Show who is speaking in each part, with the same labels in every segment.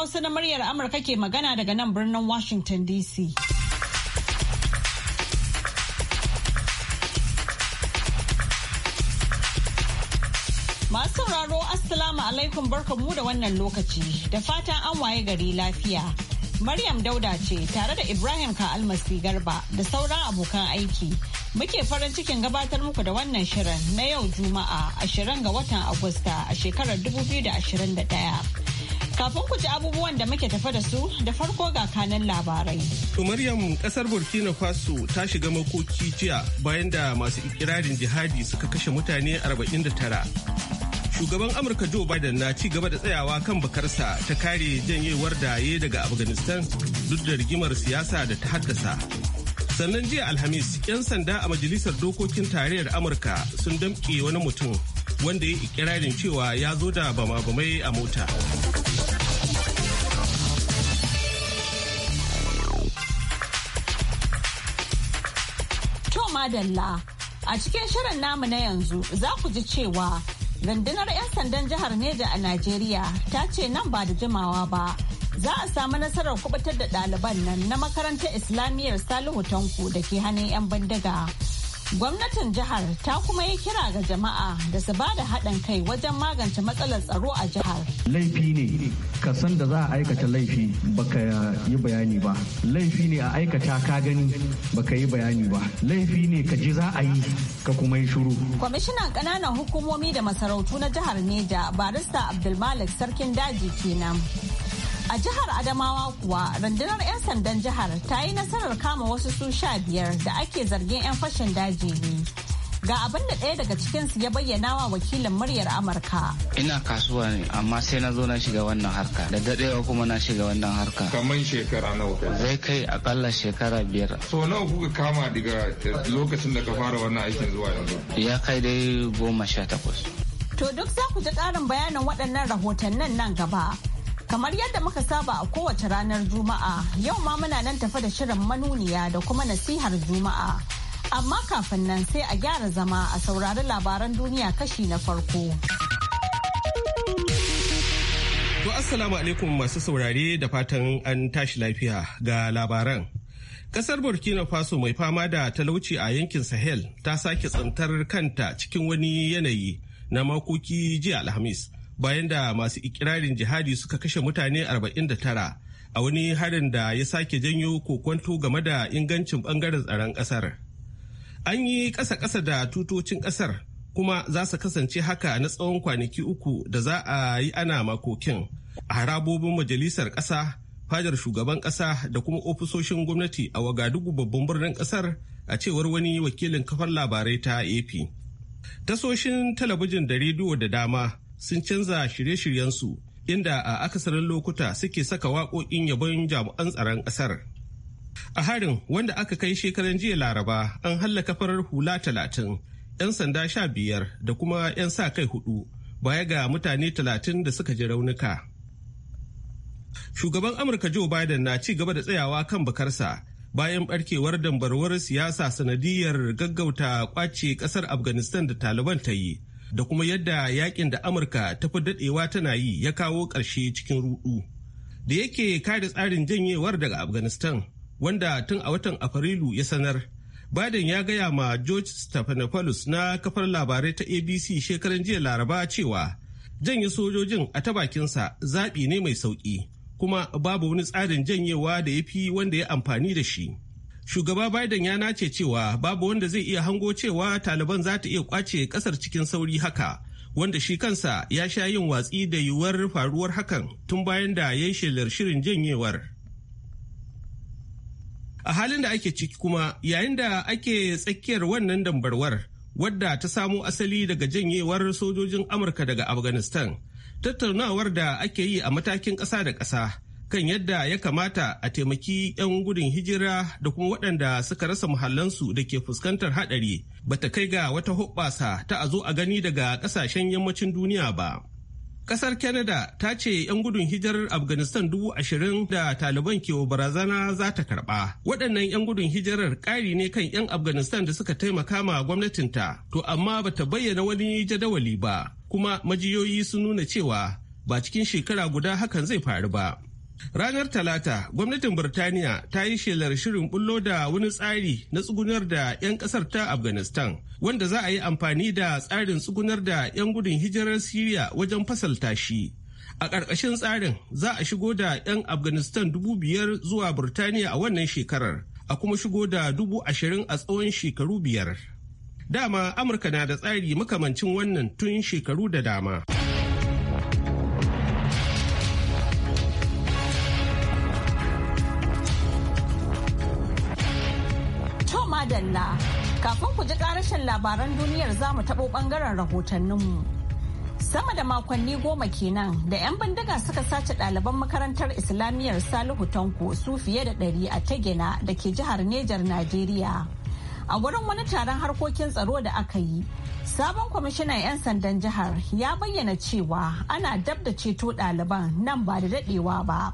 Speaker 1: Hausa na muryar Amurka ke magana daga nan birnin Washington DC. Masu sauraro Assalamu alaikum barkanmu da wannan lokaci da fatan an waye gari lafiya. Maryam Dauda ce tare da Ibrahim Ka'almasi Garba da sauran abokan aiki. Muke farin cikin gabatar muku da wannan shirin na yau Juma'a 20 ga watan Agusta a shekarar 2021. Kafin ku ji abubuwan da muke tafa da su da farko ga kanan labarai.
Speaker 2: To Maryam kasar Burkina Faso ta shiga makoki jiya bayan da masu ikirarin jihadi suka kashe mutane 49. Shugaban Amurka Joe Biden na ci gaba da tsayawa kan bakarsa ta kare janyewar da ya daga Afghanistan duk da rigimar siyasa da ta haddasa. Sannan jiya Alhamis, 'yan sanda a Majalisar Dokokin Tarayyar Amurka sun damƙe wani mutum wanda ya yi ikirarin cewa ya zo da bama-bamai a mota.
Speaker 1: madalla. A cikin shirin namu na yanzu za ku ji cewa rundunar 'yan sandan jihar Neja a Najeriya ta ce nan ba da jimawa ba. Za a samu nasarar kubutar da ɗaliban nan na makarantar Islamiyyar Salihu Tanko da ke hannun 'yan bindiga. Gwamnatin jihar ta kuma yi kira ga jama'a da su ba da haɗin kai wajen magance matsalar tsaro a jihar.
Speaker 3: Laifi ne, ka san da za a aikata laifi baka yi bayani ba. Laifi ne a aikata ka gani baka yi bayani ba. Laifi ne ka ji za a yi ka kuma yi shuru.
Speaker 1: Kwamishinan ƙananan hukumomi da masarautu na jihar Neja barista Abdulmalik Sarkin Daji kenan. A jihar Adamawa kuwa rundunar 'yan sandan jihar ta yi nasarar kama wasu su sha biyar da ake zargin 'yan fashin daji ne. Ga abin da ɗaya daga cikinsu ya bayyana wa wakilin muryar Amurka.
Speaker 4: Ina kasuwa ne amma sai na zo na shiga wannan harka da daɗewa kuma na shiga wannan harka. Kamar shekara nawa. Zai kai akalla shekara biyar. So nawa kuka kama daga lokacin da ka fara wannan aikin zuwa yanzu? Ya kai dai goma sha takwas.
Speaker 1: To duk za ku ji ƙarin bayanin waɗannan rahotannin nan gaba. Kamar yadda muka saba a kowace ranar Juma'a, yau ma muna nan tafa da shirin manuniya da kuma nasihar Juma'a. Amma kafin nan sai a gyara zama a saurari labaran duniya kashi na farko.
Speaker 2: To Assalamu alaikum masu saurare da fatan an tashi lafiya ga labaran. Kasar Burkina Faso mai fama da talauci a yankin Sahel ta sake tsantar kanta cikin wani yanayi na makoki jiya Alhamis. bayan da masu ikirarin jihadi suka kashe mutane 49 a wani harin da ya sake janyo kokwanto game da ingancin bangaren tsaron kasar. An yi ƙasa-ƙasa da tutocin ƙasar kuma za su kasance haka na tsawon kwanaki uku da za a yi ana makokin a harabobin majalisar ƙasa, Fajar shugaban ƙasa da kuma ofisoshin gwamnati a Wagadugu babban birnin ƙasar a cewar wani wakilin kafar labarai ta AP. Tasoshin talabijin da rediyo da dama sun canza shirye-shiryensu inda a akasarin lokuta suke saka waƙoƙin yabon jami'an tsaron ƙasar. A harin wanda aka kai shekaran jiya Laraba an hallaka farar hula talatin, 'yan sanda sha biyar da kuma 'yan sa kai hudu baya ga mutane talatin da suka ji raunuka. Shugaban Amurka Joe Biden na ci gaba da tsayawa kan bakarsa bayan barkewar dambarwar siyasa sanadiyar gaggauta kwace kasar Afghanistan da Taliban ta yi da kuma yadda yakin da amurka ta fi daɗewa tana yi ya kawo ƙarshe cikin rudu da yake kare tsarin janyewar daga afghanistan wanda tun a watan afrilu ya sanar biden ya gaya ma george stephanopoulos na kafar labarai ta abc shekaran jiya laraba cewa janye sojojin a ta bakinsa zaɓi ne mai sauƙi kuma babu wani tsarin janyewa da ya fi wanda ya amfani da shi shugaba biden ya nace cewa babu wanda zai iya hango cewa taliban za ta iya kwace kasar cikin sauri haka wanda shi kansa ya sha yin watsi da yiwuwar faruwar hakan tun bayan da ya yi shelar shirin janyewar a halin da ake ciki kuma yayin da ake tsakiyar wannan dambarwar wadda ta samo asali daga janyewar sojojin amurka daga afghanistan tattaunawar da ake yi a matakin ƙasa da ƙasa kan yadda ya kamata a taimaki 'yan gudun hijira da kuma waɗanda suka rasa muhallansu da ke fuskantar haɗari bata kai ga wata hoɓɓasa ta a zo a gani daga ƙasashen yammacin duniya ba. Ƙasar Canada ta ce 'yan gudun hijirar Afghanistan dubu ashirin da Taliban ke barazana za ta karɓa. Waɗannan 'yan gudun hijirar ƙari ne kan 'yan Afghanistan da suka taimaka ma gwamnatinta, to amma ba ta bayyana wani jadawali ba, kuma majiyoyi sun nuna cewa ba cikin shekara guda hakan zai faru ba. Ranar Talata, gwamnatin Birtaniya ta yi shelar shirin bullo da wani tsari na tsugunar da 'yan kasar ta Afghanistan, wanda za a yi amfani da tsarin tsugunar da 'yan gudun hijirar Siriya wajen fasalta shi. A ƙarƙashin tsarin za a shigo da 'yan Afghanistan dubu biyar zuwa Birtaniya a wannan shekarar, a kuma shigo da dubu ashirin a tsawon shekaru biyar. Dama Amurka na da tsari makamancin wannan tun shekaru da dama.
Speaker 1: madalla. Kafin ku ji karashin labaran duniyar za mu taɓo ɓangaren rahotanninmu. Sama da makonni goma kenan da 'yan bindiga suka sace ɗaliban makarantar Islamiyyar Salihu Tanko su fiye da ɗari a Tagina da ke jihar Nejar, Najeriya. A wurin wani taron harkokin tsaro da aka yi, sabon kwamishinan 'yan sandan jihar ya bayyana cewa ana dab da ceto ɗaliban nan ba da daɗewa ba.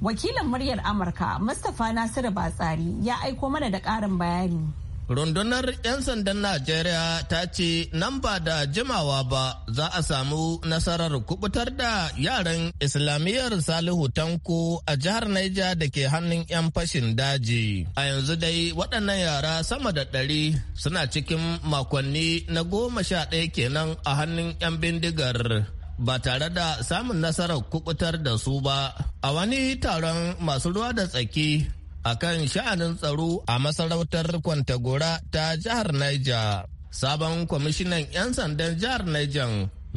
Speaker 1: Wakilin muryar Amurka Mustapha Nasiru Batsari ya aiko mana da karin bayani.
Speaker 5: Rundunar 'yan sandan Najeriya ta ce nan ba da jimawa ba za a samu nasarar kubutar da yaran Islamiyyar Salihu Tanko a jihar Naija da ke hannun 'yan fashin daji. A yanzu dai waɗannan yara sama da ɗari suna cikin makonni na goma sha ɗaya kenan a hannun 'yan bindigar. ba tare da samun nasarar kubutar da su ba a wani taron masu ruwa da tsaki a kan sha'anin tsaro a masarautar kwantagora ta jihar Niger. Sabon kwamishinan 'yan sandan jihar Niger,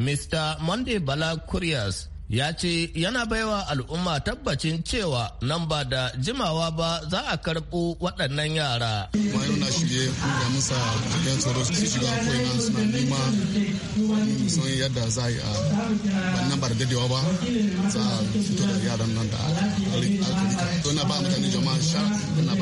Speaker 5: Mr. Monday Bala Curious, ya ce yana baiwa al'umma tabbacin cewa nan ba da jimawa ba za a karɓo waɗannan yara.
Speaker 6: Bayan na shirye da musa yan tsaro su shiga ko'ina suna nema sun yadda za a yi a wannan ba da dadewa ba za a fito da yaran nan da alkalika. Don na ba mutane jama'a sha na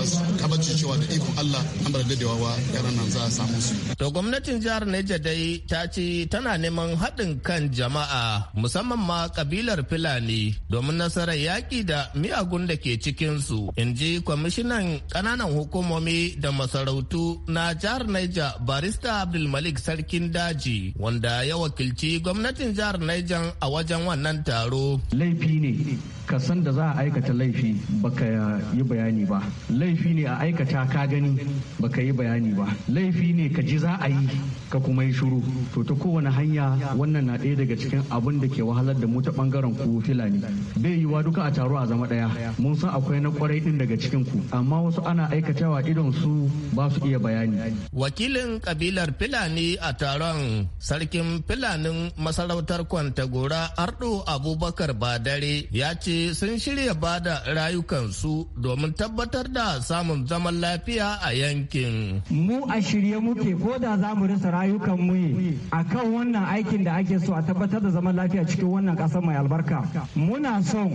Speaker 6: ba su cewa da ikon Allah an ba da dadewa ba yaran nan za a samu su. To gwamnatin
Speaker 5: jihar Neja dai ta ce tana neman haɗin kan jama'a musamman ma ƙabilar kabilar Fulani domin nasarar yaƙi da miyagun da ke cikinsu, in ji kwamishinan ƙananan hukumomi da masarautu na jihar Niger barista Abdulmalik Sarkin Daji wanda ya wakilci gwamnatin jihar Niger a wajen wannan taro.
Speaker 3: Laifi ne, ka san da za a aikata laifi baka yi bayani ba. Laifi ne a aikata ka gani baka yi bayani ba. Laifi ne ka ji za a yi ka kuma yi shuru to ta kowane hanya wannan na ɗaya daga cikin abin da ke wahalar da mu ta bangaren ku filani bai yi wa duka a taro a zama ɗaya mun san akwai na kwarai din daga cikin ku amma wasu ana aikatawa idon su ba su iya bayani
Speaker 5: wakilin kabilar filani a taron sarkin filanin masarautar kwantagora ardo abubakar badare ya ce sun shirya ba da rayukansu domin tabbatar da samun zaman lafiya a yankin mu a shirye muke ko da za mu rasa
Speaker 3: rayukan mu akan wannan aikin da ake so a tabbatar da zaman lafiya cikin wannan ƙasar mai albarka muna son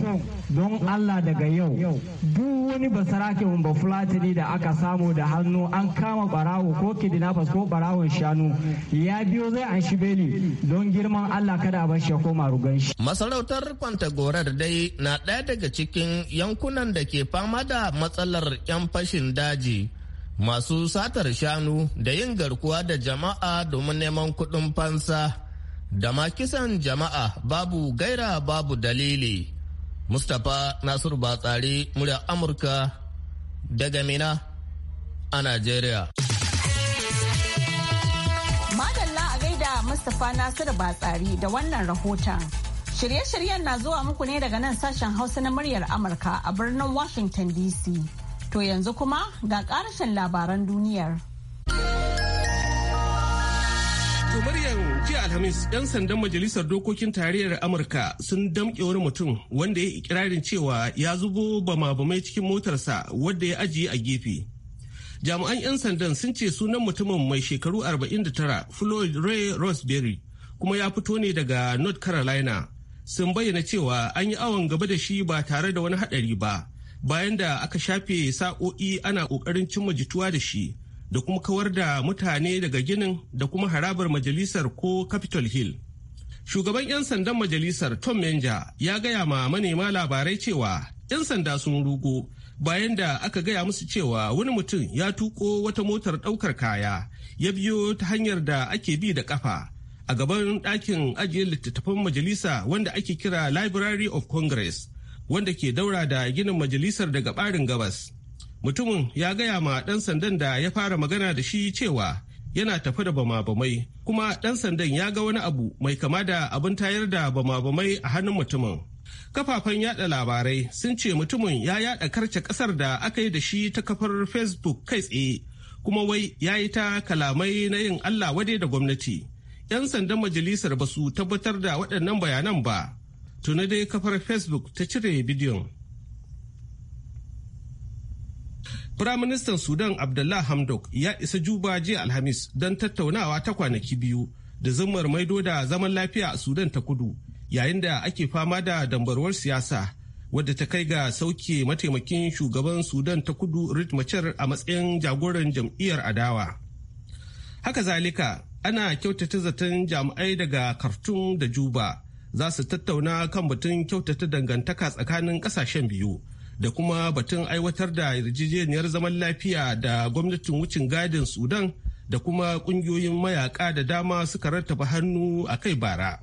Speaker 3: don Allah daga yau duk wani basarake mun ba fulatani da aka samu da hannu an kama barawo ko kidnappers ko barawon shanu ya biyo zai an shi beli don girman Allah kada a bar shi koma rugan shi
Speaker 5: masarautar Kwantagorar dai na ɗaya daga cikin yankunan da ke fama da matsalar 'yan fashin daji masu satar shanu da yin garkuwa da jama'a domin neman kuɗin fansa da ma kisan jama'a babu gaira babu dalili mustapha nasiru batsari murya amurka daga mina a nigeria
Speaker 1: madalla a gaida mustapha nasiru batsari da wannan rahoton Shirye-shiryen na zuwa muku ne daga nan sashen Hausa na muryar Amurka a birnin Washington DC. To yanzu kuma ga ƙarshen labaran duniyar.
Speaker 4: To
Speaker 2: Maryam jiya Alhamis 'yan sandan Majalisar Dokokin Tarayyar Amurka sun damƙe wani mutum wanda ya ikirarin cewa ya zubo bama-bamai cikin motarsa wadda ya ajiye a gefe. Jami'an 'yan sandan sun ce sunan mutumin mai shekaru 49 Floyd Ray Roseberry kuma ya fito ne daga North Carolina. Sun bayyana cewa an yi awon gaba da shi ba tare da wani haɗari ba. bayan da aka shafe sa'o'i ana kokarin cimma jituwa da shi da kuma kawar da mutane daga ginin da kuma harabar majalisar ko capitol hill shugaban 'yan sandan majalisar tom menja ya gaya ma manema labarai cewa 'yan sanda sun rugo bayan da aka gaya musu cewa wani mutum ya tuko wata motar daukar kaya ya biyo ta hanyar da ake bi da kafa a gaban ɗakin ajiye littattafan majalisa wanda ake kira library of congress wanda ke daura da ginin majalisar daga barin gabas mutumin ya gaya ma ɗan sandan da ya fara magana da shi cewa yana tafi da bama-bamai kuma ɗan sandan ya ga wani abu mai kama da abin tayar da bama-bamai a hannun mutumin kafafen yada labarai sun ce mutumin ya yada karce kasar da aka yi da shi ta kafar facebook kai tsaye kuma wai ya yi ta kalamai na yin allah wade da gwamnati 'yan sandan majalisar ba su tabbatar da waɗannan bayanan ba Tuna dai kafar facebook ta cire bidiyon Firaministan Sudan Abdullah Hamdok ya isa Juba jiya Alhamis don tattaunawa ta kwanaki biyu da zumar maido da zaman lafiya a Sudan ta kudu yayin da ake fama da dambarwar siyasa wadda ta kai ga sauke mataimakin shugaban Sudan ta kudu Rit Machar a matsayin jagoran jam'iyyar adawa. Haka zalika ana kyautata zaton jami'ai daga kartun da Juba za su tattauna kan batun kyautata dangantaka tsakanin kasashen biyu da kuma batun aiwatar da yarjejeniyar zaman lafiya da gwamnatin wucin gadin sudan da kuma kungiyoyin mayaka da dama suka rattaba hannu a kai bara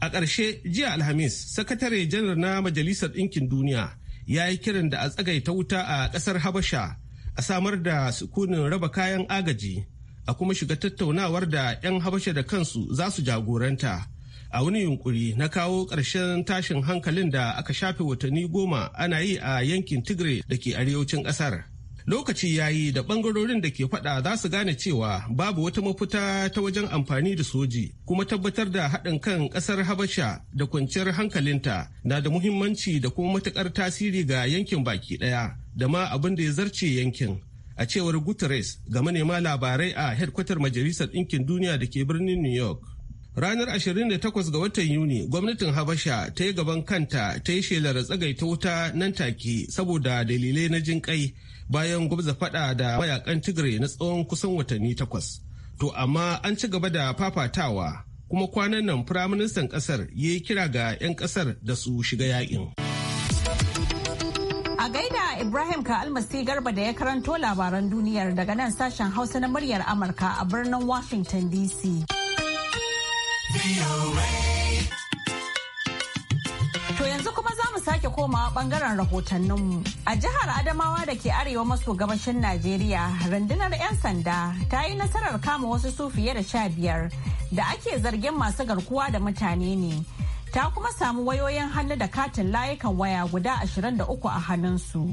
Speaker 2: a ƙarshe jiya alhamis sakatare janar na majalisar ɗinkin duniya ya yi kiran da a tsagaita wuta a ƙasar habasha a samar da sukunin raba kayan agaji a kuma shiga tattaunawar da 'yan habasha da kansu za su jagoranta a wani yunkuri na kawo ƙarshen tashin hankalin da aka shafe watanni goma ana yi a yankin tigray da ke arewacin ƙasar lokaci ya yi da ɓangarorin da ke faɗa za su gane cewa babu wata mafuta ta wajen amfani da soji kuma tabbatar da haɗin kan ƙasar habasha da kwanciyar hankalinta na da muhimmanci da kuma matuƙar tasiri ga yankin baki ɗaya da ma abin da ya zarce yankin a cewar guterres ga manema labarai a headkwatar majalisar ɗinkin duniya da ke birnin new york Ranar 28 ga watan Yuni, gwamnatin Habasha ta yi gaban kanta ta yi shelar tsagaita wuta nan take saboda dalilai na jin kai bayan gwabza fada da mayakan Tigray na tsawon kusan watanni takwas. To amma an ci gaba da fafatawa kuma kwanan nan firaministan kasar ya yi kira ga 'yan kasar da su shiga yakin.
Speaker 1: A gaida Ibrahim ka almasi garba da ya karanto labaran duniyar daga nan sashen hausa na muryar Amurka a birnin Washington DC. To yanzu kuma za mu sake komawa bangaren mu. A jihar Adamawa da ke arewa maso gabashin Najeriya, rundunar 'yan sanda ta yi nasarar kama wasu su fiye da sha biyar da ake zargin masu garkuwa da mutane ne. Ta kuma samu wayoyin hannu da katin layukan waya guda 23 a hannunsu. su.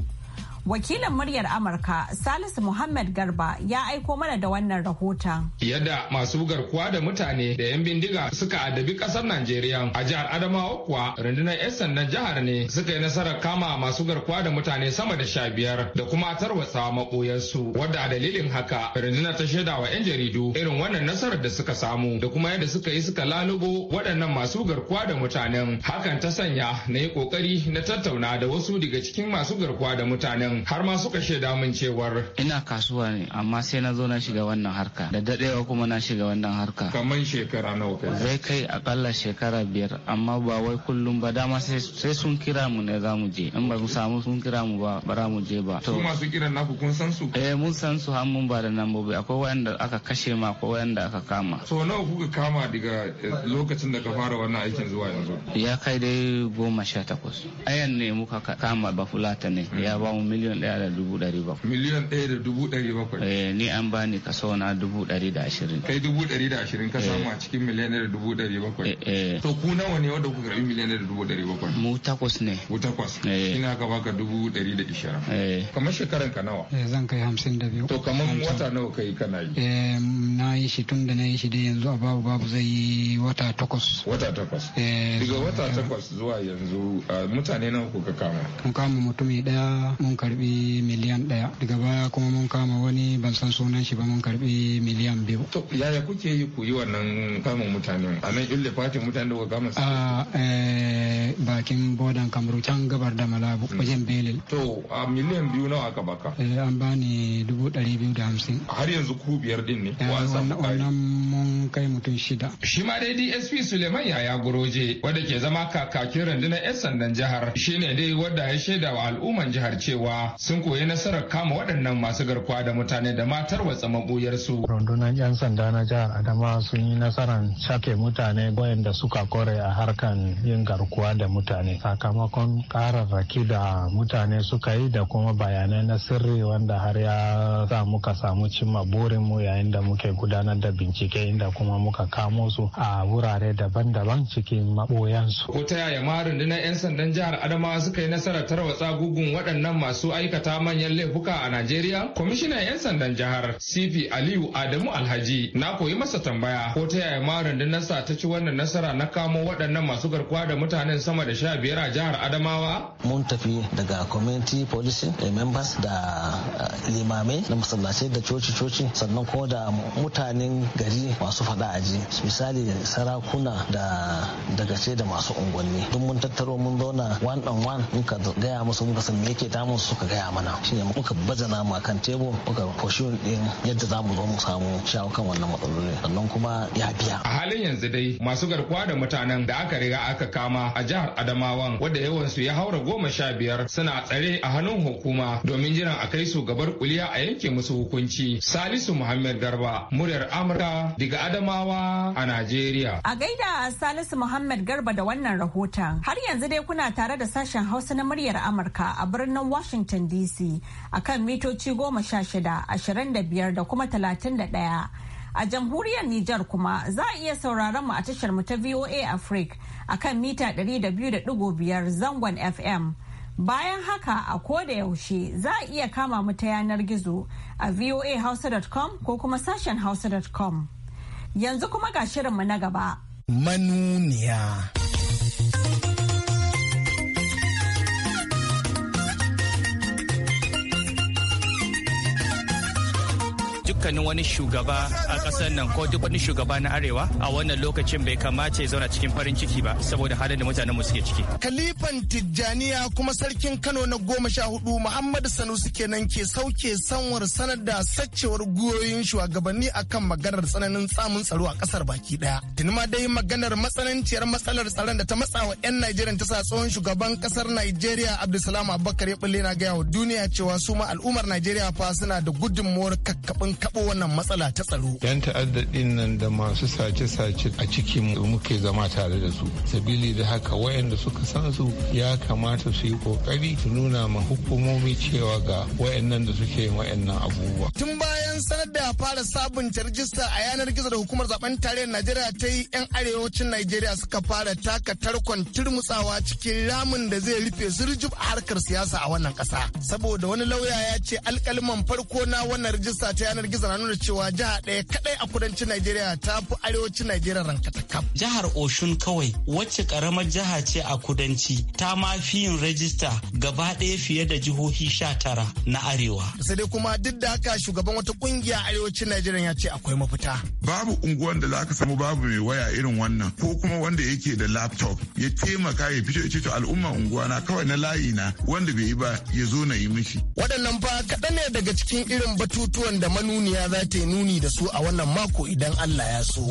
Speaker 1: Wakilin muryar Amurka Salisu Muhammad Garba ya aiko mana da wannan rahoton.
Speaker 7: Yadda masu garkuwa da mutane da 'yan bindiga suka adabi kasar Najeriya a jihar Adamawa kuwa rundunar 'yan sandan jihar ne suka yi nasarar kama masu garkuwa da mutane sama da sha biyar da kuma tarwatsa maɓoyarsu wadda a dalilin haka rundunar ta shaida wa 'yan jaridu irin wannan nasarar da suka samu da kuma yadda suka yi suka lalubo waɗannan masu garkuwa da mutanen hakan ta sanya na yi ƙoƙari na tattauna da wasu daga cikin masu garkuwa da mutanen din har ma suka shaida min cewar
Speaker 4: ina kasuwa ne amma sai na zo na shiga wannan harka da dadewa kuma na shiga wannan harka kaman shekara nawa kai zai kai akalla shekara biyar amma ba wai kullum ba dama sai sun kira mu ne za mu je in ba mu samu sun kira mu ba bara mu je ba su masu
Speaker 7: kiran naku kun san su
Speaker 4: eh mun san su har mun ba da nambobi akwai wayanda aka kashe ma akwai wayanda aka kama so nawa kuka kama daga eh, lokacin da ka fara wannan aikin zuwa yanzu ya kai dai goma sha takwas ayan ne muka kama fulata ne ya ba mu miliyan ɗaya da dubu ɗari bakwai. Miliyan ɗaya da dubu ɗari bakwai. Eh ni an bani kaso na dubu ɗari da ashirin.
Speaker 7: Kai dubu ɗari da ashirin ka eh. samu a cikin
Speaker 4: miliyan ɗaya da dubu ɗari bakwai. Eh,
Speaker 7: eh. To ku nawa ne wanda kuka karɓi miliyan ɗaya da dubu ɗari bakwai? Mu takwas ne. Mu takwas. Eh. Ina ka baka dubu ɗari da ashirin. Eh. Kamar shekaran ka nawa?
Speaker 8: Eh zan kai hamsin da biyu. To kamar wata
Speaker 7: nawa kai kana
Speaker 8: yi? Eh na yi shi tun da na yi shi dai yanzu a babu babu zai yi wata takwas. Wata takwas. Eh. Daga wata
Speaker 7: takwas zuwa yanzu mutane nawa kuka kama?
Speaker 8: Mun kama mutumi ɗaya mun karɓi karbi miliyan daya daga baya kuma mun kama wani ban san sunan shi ba mun karbi miliyan biyu. to
Speaker 7: yaya kuke yi ku yi wannan kama mutane a nan ille fatin mutane da kuka kama
Speaker 8: a eh, bakin bodan kamaru can gabar da malabu mm. wajen belil. to a miliyan biyu nawa aka baka. Eh, an bani dubu ɗari biyu da hamsin.
Speaker 7: har yanzu ku biyar din ne. Eh, wannan
Speaker 8: mun kai mutum shida.
Speaker 7: shi ma dai dsp suleiman yaya goroje wanda ke zama kakakin rundunar 'yan sandan jihar shine dai wadda ya shaida wa al'umman jihar cewa sun koyi nasarar kama waɗannan masu garkuwa da mutane da matar watsa maɓuyarsu. rundunar 'yan sanda
Speaker 9: na jihar adama sun yi nasarar shake mutane da suka kore a harkan yin garkuwa da mutane sakamakon kararraki da mutane suka yi da kuma bayanai na sirri wanda har ya sa muka samu cimma burinmu yayin da muke gudanar da bincike inda kuma muka kamo su a wurare daban-daban cikin maɓoyansu.
Speaker 7: ko ta yaya ma rundunar 'yan sandan jihar adama suka yi nasarar tarwatsa gugun waɗannan masu aikata manyan laifuka a Najeriya? Kwamishinan 'yan sandan jihar CP Aliyu Adamu Alhaji na koyi masa tambaya ko ta yaya ma rundunarsa ta ci wannan nasara na kamo waɗannan masu garkuwa da mutanen sama da sha biyar a jihar Adamawa?
Speaker 3: Mun tafi daga community policing eh, members da eh, limamai da masallacai da coci-coci sannan ko da mutanen gari masu faɗa aji misali sarakuna da daga ce da masu unguwanni duk mun tattaro mun zauna one on one muka gaya musu muka san me yake damun su muka gaya mana shine muka bazana mu akan tebur muka foshin din yadda za mu zo mu samu shawo kan wannan
Speaker 7: matsaloli sannan kuma ya biya a halin yanzu dai masu garkuwa da mutanen da aka riga aka kama a jihar adamawan wadda su ya haura goma sha biyar suna tsare a hannun hukuma domin jiran a kai su gabar kuliya a yanke musu hukunci salisu muhammad garba muryar amurka daga adamawa a najeriya
Speaker 1: a gaida salisu muhammad garba da wannan rahoton har yanzu dai kuna tare da sashen hausa na muryar amurka a birnin washington Washington DC a kan mitoci goma sha shida, ashirin da biyar da kuma talatin da ɗaya. A jamhuriyar Nijar kuma za a iya sauraron mu a tashar mu ta VOA Africa a kan mita 200.5 zangon FM. Bayan haka a koda yaushe za a iya kama mu ta yanar gizo a voahouse.com ko kuma sashen hausa.com. Yanzu kuma ga shirinmu na gaba.
Speaker 9: Manuniya.
Speaker 3: dukkanin wani shugaba a ƙasar nan ko duk wani shugaba na arewa a wannan lokacin bai kamata ya zauna cikin farin ciki ba saboda halin da mutanen mu suke ciki.
Speaker 9: Kalifan Tijjaniya kuma sarkin Kano na goma sha hudu Muhammadu Sanusi kenan ke sauke sanwar sanar da saccewar guyoyin shugabanni akan maganar tsananin tsamun tsaro a kasar baki ɗaya. Tuni ma dai maganar matsananciyar matsalar tsaron da ta matsa wa 'yan Najeriya ta sa tsohon shugaban ƙasar Najeriya Abdulsalam Abubakar ya bulle na gaya wa duniya cewa su ma al'ummar Najeriya fa suna da gudunmuwar kakkaɓin kaɓo wannan matsala ta tsaro.
Speaker 10: Yan ta'adda nan da masu sace-sace a cikin muke zama tare da su. Sabili da haka wayanda suka san su ya kamata su yi kokari su nuna ma hukumomi cewa ga wayannan da suke yin wayannan abubuwa.
Speaker 9: Tun bayan sanar da fara sabunta rajista a yanar gizo da hukumar zaben tarayyar Najeriya ta yi 'yan arewacin Najeriya suka fara taka tarkon turmutsawa cikin ramin da zai rufe zurjub a harkar siyasa a wannan kasa Saboda wani lauya ya ce alkaliman farko na wannan rajista ta yanar girgiza na nuna cewa jiha ɗaya kaɗai a kudancin Najeriya ta fi arewacin Najeriya ta
Speaker 3: kam. Jihar Oshun kawai wacce ƙaramar jiha ce a kudanci ta ma fi yin rajista gaba ɗaya fiye da jihohi sha tara na
Speaker 11: arewa.
Speaker 9: Sai dai kuma duk da haka shugaban wata ƙungiya arewacin Najeriya ya ce akwai mafita.
Speaker 11: Babu unguwan da za ka samu babu mai waya irin wannan ko kuma wanda yake da laptop ya taimaka ya fito ya to al'umma unguwa na kawai na layi na wanda bai yi ba ya zo na yi mishi. Waɗannan
Speaker 9: fa kaɗan ne daga cikin irin batutuwan da manu duniya za ta yi nuni da su a wannan mako idan Allah ya so.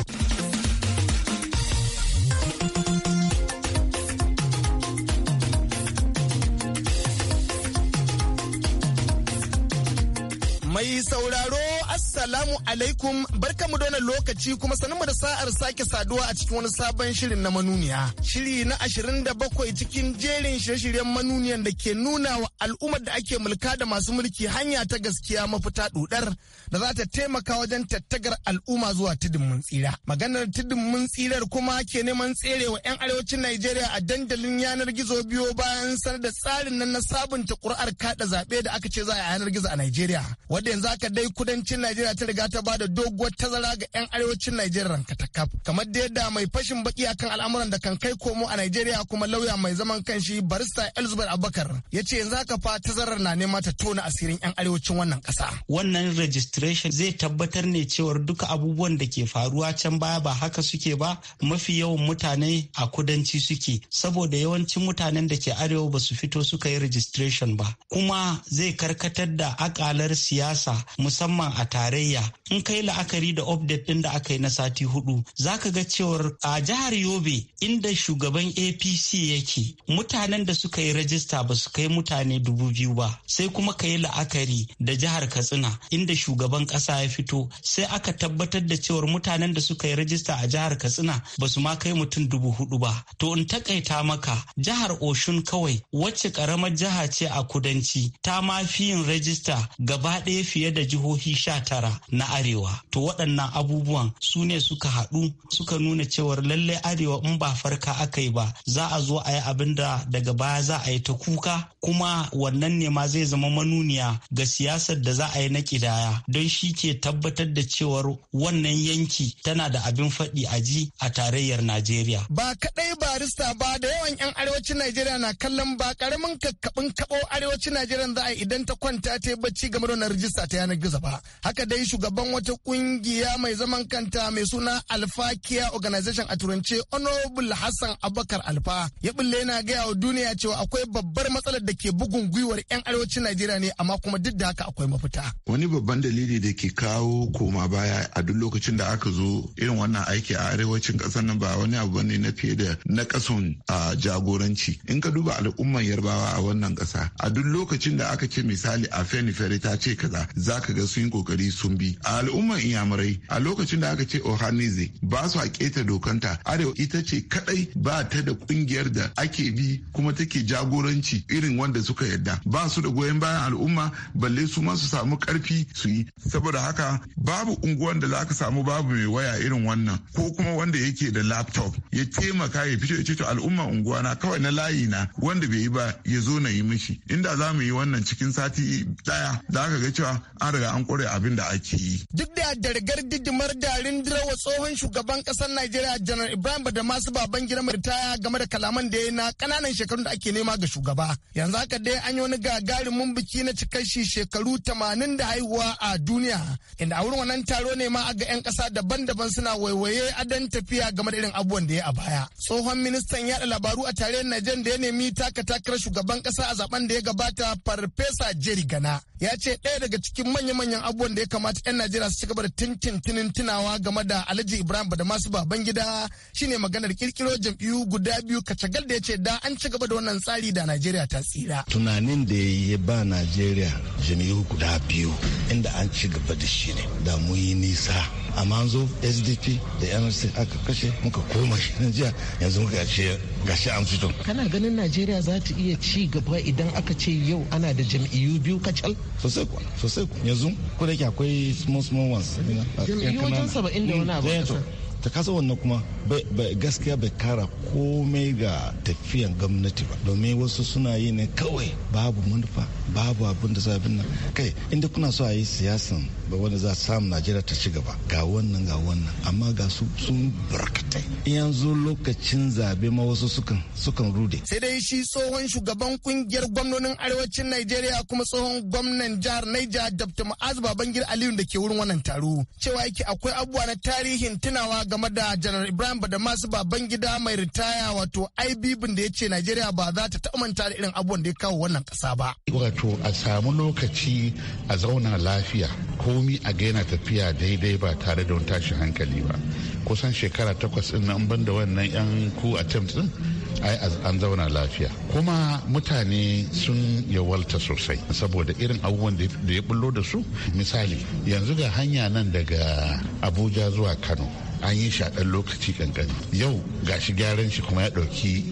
Speaker 9: Mai sauraro Assalamu alaikum barkamu da wannan lokaci kuma sanmu da sa'ar sake saduwa a cikin wani sabon shirin na manuniya. Shiri na ashirin da bakwai cikin jerin shirye-shiryen manuniyan da ke nuna wa al'ummar da ake mulka da masu mulki hanya ta gaskiya mafita dudar da za ta taimaka wajen tattagar al'umma zuwa tudun mun tsira. Maganar tudun mun tsirar kuma ke neman tserewa 'yan arewacin Najeriya a dandalin yanar gizo biyo bayan sanar da tsarin nan na sabunta ƙuri'ar kada zaɓe da aka ce za a yanar gizo a Najeriya. wadda yanzu aka dai kudancin Najeriya Najeriya ta riga ta bada doguwar tazara ga 'yan arewacin Najeriya rankatakaf. Kamar da yadda mai fashin baki akan al'amuran da kan kai komo a Najeriya kuma lauya mai zaman kanshi barista Elizabeth Abubakar ya ce yanzu haka fa tazarar na nema ta tona asirin 'yan arewacin wannan ƙasa.
Speaker 3: Wannan registration zai tabbatar ne cewar duka abubuwan da ke faruwa can baya ba haka suke ba mafi yawan mutane a kudanci suke saboda yawancin mutanen da ke arewa ba su fito suka yi registration ba kuma zai karkatar da akalar siyasa musamman a tare tarayya in yi la'akari da update din da aka yi na sati hudu za ka ga cewar a jihar yobe inda shugaban apc yake mutanen da suka yi rajista ba su kai mutane dubu biyu ba sai kuma ka yi la'akari da jihar katsina inda shugaban kasa ya fito sai aka tabbatar da cewar mutanen da suka yi rajista a jihar katsina ba su ma kai mutum dubu hudu ba to in takaita maka jihar oshun kawai wacce karamar jiha ce a kudanci ta ma fi yin rajista gaba ɗaya fiye da jihohi sha tara yara na arewa to waɗannan abubuwan su ne suka haɗu suka nuna cewar lallai arewa in ba farka aka yi ba za a zo a yi abin da daga baya za a yi ta kuka kuma wannan ne ma zai zama manuniya ga siyasar da za a yi na kidaya don shi ke tabbatar da cewar wannan yanki tana da abin faɗi a ji a tarayyar najeriya
Speaker 9: ba kaɗai barista ba da yawan 'yan arewacin najeriya na kallon ba ƙaramin kakkaɓin kaɓo arewacin najeriya za a idan ta kwanta ta yi bacci game da rijista ta yanar gizo ba haka dai shugaban wata kungiya mai zaman kanta mai suna Alfa Kiya Organization a turance Honorable Hassan Abubakar Alfa ya bulle yana gaya wa duniya cewa akwai babbar matsalar da ke bugun gwiwar 'yan arewacin Najeriya ne amma kuma duk da haka akwai mafita.
Speaker 11: Wani babban dalili da ke kawo koma baya a duk lokacin da aka zo irin wannan aiki a arewacin kasar nan ba wani abu ne na fiye da na kason a jagoranci. In ka duba al'ummar Yarbawa a wannan kasa a duk lokacin da aka ce misali a Fenifere ta ce kaza za ka ga sun yi kokari sun bi a al'ummar inyamurai a lokacin da aka ce ohanize ba su a keta dokanta arewa ita ce kadai ba ta da kungiyar da ake bi kuma take jagoranci irin wanda suka yarda ba su da goyon bayan al'umma balle su ma su samu karfi su yi saboda haka babu unguwan da za ka samu babu mai waya irin wannan ko kuma wanda yake da laptop ya taimaka ya fito ya ce to al'umma unguwa na kawai na layi na wanda bai yi ba ya zo na yi mishi inda za mu yi wannan cikin sati daya za ka ga cewa an riga an kware abin da ake yi.
Speaker 9: Duk da dargar didimar da rindirawa tsohon shugaban kasar Najeriya Janar Ibrahim da masu baban gida ritaya game da kalaman da ya na kananan shekarun da ake nema ga shugaba. Yanzu haka dai an yi wani gagarumin biki na cikar shi shekaru tamanin da haihuwa a duniya. Inda a wurin wannan taro ne ma ga 'yan kasa daban-daban suna waiwaye adon tafiya game da irin abubuwan da ya a baya. Tsohon ministan yaɗa labaru a tarayyar Najeriya da ya nemi taka takar shugaban kasa a zaben da ya gabata Farfesa Jerry Gana. Ya ce ɗaya daga cikin manya-manyan abubuwan da ya kamata 'yan Najeriya su ci gaba da tintintinin tunawa game da Alhaji Ibrahim da masu baban gida shine maganar kirkiro jam'iyyu guda biyu kacagal da ya ce da an ci gaba da wannan tsari da Najeriya ta tsira. Tunanin da ya ba Najeriya jam'iyyu guda biyu inda an ci gaba da shi ne da mu yi nisa a manzo sdp da msc aka kashe muka koma shi jiya yanzu muka ce gashi an fito kana ganin najeriya za ta iya ci gaba idan aka ce yau ana da jam'iyyu biyu kacal sosai kuwa sosai yanzu ko da akwai small small ones jam'iyyu wajen saba'in abu ta kasa wannan kuma gaskiya bai kara komai ga tafiyan gwamnati ba domin wasu suna yi ne kawai babu manufa babu abin da zabin nan kai inda kuna so a yi siyasan wanda za samu najeriya ta ci gaba ga wannan ga wannan amma ga su sun barkatai yanzu lokacin zabe ma wasu sukan sukan rude sai dai shi tsohon shugaban kungiyar gwamnonin arewacin najeriya kuma tsohon gwamnan jihar naija dr ma'azu babangir aliyu da ke wurin wannan taro cewa yake akwai abubuwa na tarihin tunawa game da janar ibrahim badamasu baban gida mai ritaya wato ibb da ya ce nigeria ba za ta manta da irin abubuwan da ya kawo wannan kasa ba
Speaker 6: wato a samu lokaci a zauna lafiya komi a gaina tafiya daidai ba tare da wani tashin hankali ba kusan shekara takwas din nan ban da wannan yan ku attempt din ai an zauna lafiya kuma mutane sun yawalta sosai saboda irin abubuwan da ya bullo da su misali yanzu ga hanya nan daga abuja zuwa kano an yi shi lokaci kankani yau ga shi gyaran shi kuma ya ɗauki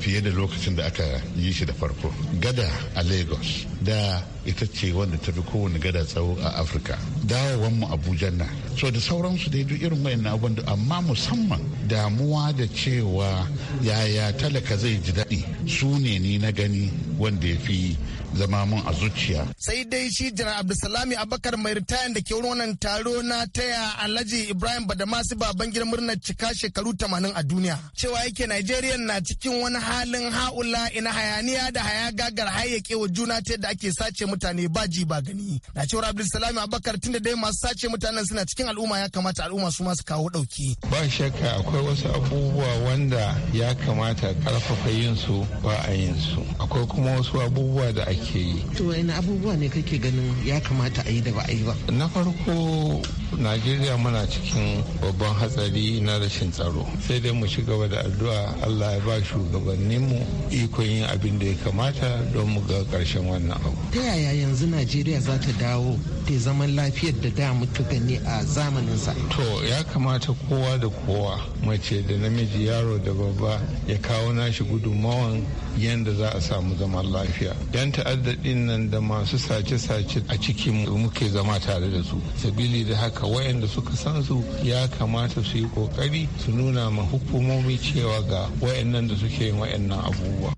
Speaker 6: fiye da lokacin da aka yi shi da farko gada a lagos da ita ce wanda ta fi kowane gada tsawo a afirka dawowar mu abuja na so da sauransu dai duk irin wayannan abubuwan amma musamman damuwa da cewa yaya talaka zai ji daɗi su ne ni na gani wanda ya fi zama mun a zuciya
Speaker 9: sai dai shi jira abdulsalami abakar mai ritayan da ke wurin wannan taro na taya alhaji ibrahim badamasi baban gidan murnar cika shekaru tamanin a duniya cewa yake najeriya na cikin wani halin ha'ula ina hayaniya da hayagagar hayyakewa juna ta ake sace mutane ba ji ba gani na cewar abdulsalam abakar tunda dai masu sace mutanen suna cikin al'umma ya kamata al'umma su masu kawo
Speaker 10: dauki ba shakka akwai wasu abubuwa wanda ya kamata karfafa yin su ba a yin su akwai kuma wasu abubuwa da ake yi to wani abubuwa ne kake
Speaker 2: ganin ya kamata a yi da ba a yi ba na farko
Speaker 10: najeriya muna cikin babban hatsari na rashin tsaro sai dai mu ci gaba da addu'a allah ya ba shugabanninmu ikon yin abin da ya kamata don mu ga ƙarshen wannan abu
Speaker 9: ta yaya yanzu najeriya za ta dawo ta zaman lafiyar da da muka gani a zamaninsa
Speaker 10: to ya kamata kowa da kowa mace da namiji yaro da babba ya kawo nashi gudunmawan yadda za a samu zaman lafiya yan ta'addadin nan da masu sace-sace a cikin muke zama tare da su sabili da haka wayanda suka san su ya kamata su yi kokari su nuna ma hukumomi cewa ga wayannan da suke yin wayannan abubuwa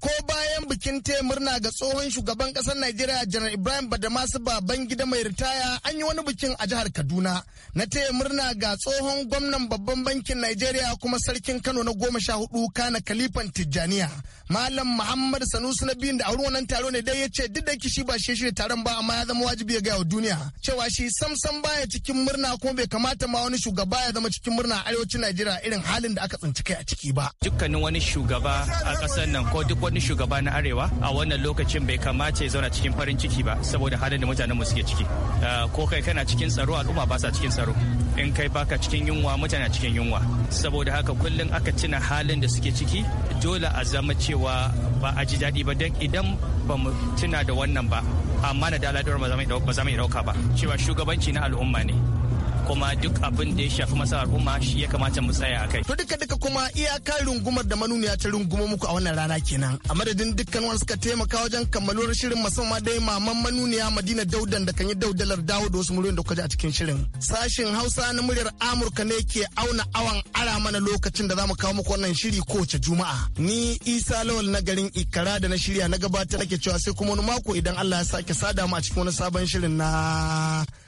Speaker 9: bikin taya murna ga tsohon shugaban ƙasar Najeriya Janar Ibrahim Badamasu baban gida mai ritaya an yi wani bikin a jihar Kaduna na taya murna ga tsohon gwamnan babban bankin Najeriya kuma sarkin Kano na goma sha hudu kana kalifan Tijjaniya. Malam Muhammad Sanusi na biyun da a wannan taro ne dai ya ce duk da kishi ba shi shirya taron ba amma ya zama wajibi ya ga yau duniya cewa shi samsam baya cikin murna kuma bai kamata ma wani shugaba ya zama cikin murna a arewacin Najeriya irin halin da aka tsinci kai a ciki ba.
Speaker 3: Dukkanin wani shugaba a ƙasar nan ko duk wani shugaba na arewa a wannan lokacin bai kamace zauna cikin farin ciki ba saboda halin da mutanen mu suke ciki ah, ko kai kana cikin tsaro al'umma ba sa cikin tsaro in kai baka cikin yunwa mutane cikin yunwa saboda haka kullum aka tuna halin da suke ciki dole a zama cewa ba a ji daɗi ba dan idan ba mu tuna da wannan ba amma na da aladar ba za mu ɗauka ba cewa shugabanci na al'umma ne kuma duk abin da ya shafi masa al'umma shi ya kamata mu tsaya a kai.
Speaker 9: To duka duka kuma iyaka rungumar da manuniya ta runguma muku a wannan rana kenan. A madadin dukkan wani suka taimaka wajen kammaluwar shirin musamman dai maman manuniya Madina Daudan da kan yi daudalar dawo da wasu muryoyin da kuka ji a cikin shirin. Sashin Hausa na muryar Amurka ne ke auna awan ara mana lokacin da za mu kawo muku wannan shiri kowace Juma'a. Ni Isa Lawal na garin Ikara da na shirya na gabatar ke cewa sai kuma wani mako idan Allah ya sake sada mu a cikin wani sabon shirin na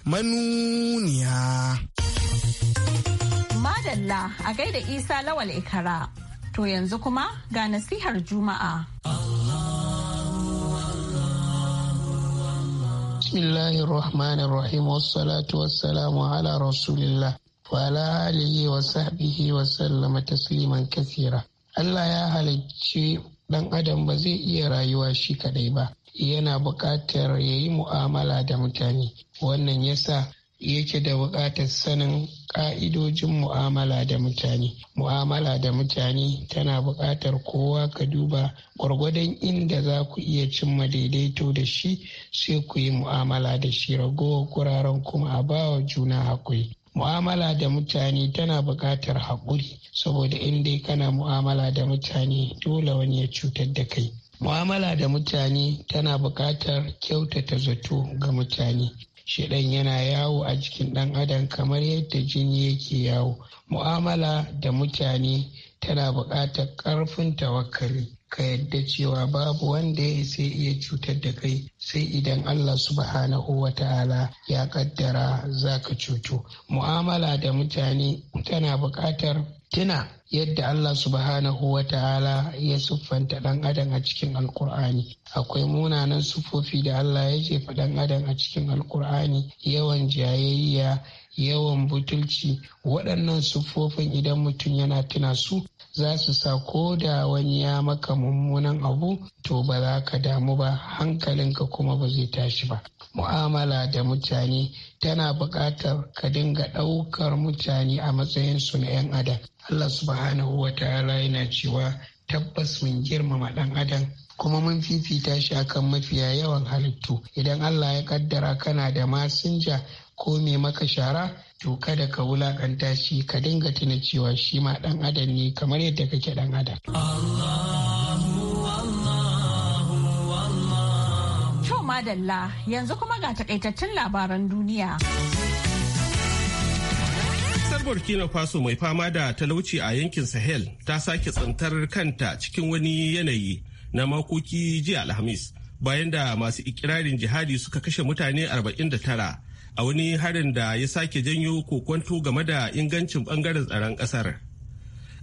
Speaker 9: manuniya.
Speaker 1: Madalla a gaida Isa Lawal Ikara, to yanzu kuma ga nasihar Juma'a. Bismillahir
Speaker 8: Rahmanir Rahim wassalatu wassalamu ala Rasulillah wa ala alihi wa sahbihi wa sallama tasliman kathira. Allah ya halicci ɗan adam ba zai iya rayuwa shi kaɗai ba yana buƙatar ya yi mu'amala da mutane wannan yasa yake da buƙatar sanin ƙa'idojin mu'amala da mutane mu'amala da mutane tana buƙatar kowa ka duba gwargwadon inda za ku iya cimma daidaito da shi sai ku yi mu'amala da shi ragowar kuraren kuma a bawa juna haƙuri mu'amala da mutane tana buƙatar haƙuri saboda in dai kana mu'amala da mutane dole wani ya cutar da kai mu'amala da mutane tana buƙatar kyautata zato ga mutane shidan yana yawo a jikin ɗan adam kamar yadda jini yake yawo mu'amala da mutane tana buƙatar ƙarfin tawakkali ka yadda cewa babu wanda ya sai iya cutar da kai sai idan Allah subhanahu wa ta'ala ya kaddara za ka cuto. Mu'amala da mutane tana buƙatar tuna yadda Allah subhanahu wa ta'ala ya siffanta ɗan adam a cikin alkur'ani akwai munanan sufofi da Allah ya jefa ɗan adam a cikin alkur'ani yawan jayayya yawan butulci waɗannan siffofin idan mutum yana tuna su za su sa ko da wani ya maka mummunan abu to ba za ka damu ba hankalinka kuma ba zai tashi ba mu'amala da mutane tana buƙatar ka dinga ɗaukar mutane a matsayinsu na 'yan adam allah subhanahu wa ta'ala yana cewa tabbas mun girmama ɗan adam kuma mun fifita shi akan mafiya yawan halittu idan allah ya kaddara kana da masinja ko mai maka shara to kada ka wulakanta shi ka dinga tuna cewa shi ma dan adam ne kamar yadda kake dan adam
Speaker 1: To madalla yanzu kuma ga taƙaitaccen labaran duniya.
Speaker 2: Kasar Burkina Faso mai fama da talauci a yankin Sahel ta sake tsantar kanta cikin wani yanayi na makoki jiya Alhamis bayan da masu ikirarin jihadi suka kashe mutane 49 a wani harin da ya sake janyo kokwanto game da ingancin bangaren tsaron kasar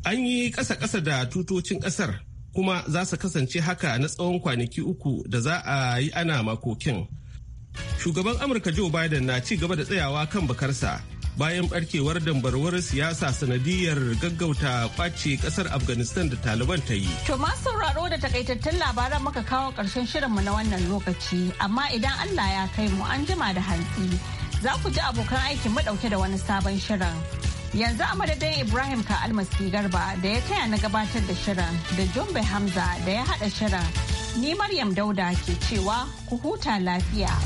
Speaker 2: an yi ƙasa-ƙasa da tutocin ƙasar kuma za su kasance haka na tsawon kwanaki uku da za a yi ana makokin shugaban amurka joe biden na ci gaba da tsayawa kan bakarsa bayan barkewar dambarwar siyasa sanadiyar gaggauta kwace kasar afghanistan da taliban ta yi
Speaker 1: to masu sauraro da takaitattun labaran muka kawo karshen shirinmu na wannan lokaci amma idan allah ya kai mu an jima da hantsi za ku ji abokan aikin mu dauke da wani sabon shirin yanzu a madadin ibrahim ka almasi garba da ya taya na gabatar da shirin da jumbe hamza da ya haɗa shirin ni maryam dauda ke cewa ku huta lafiya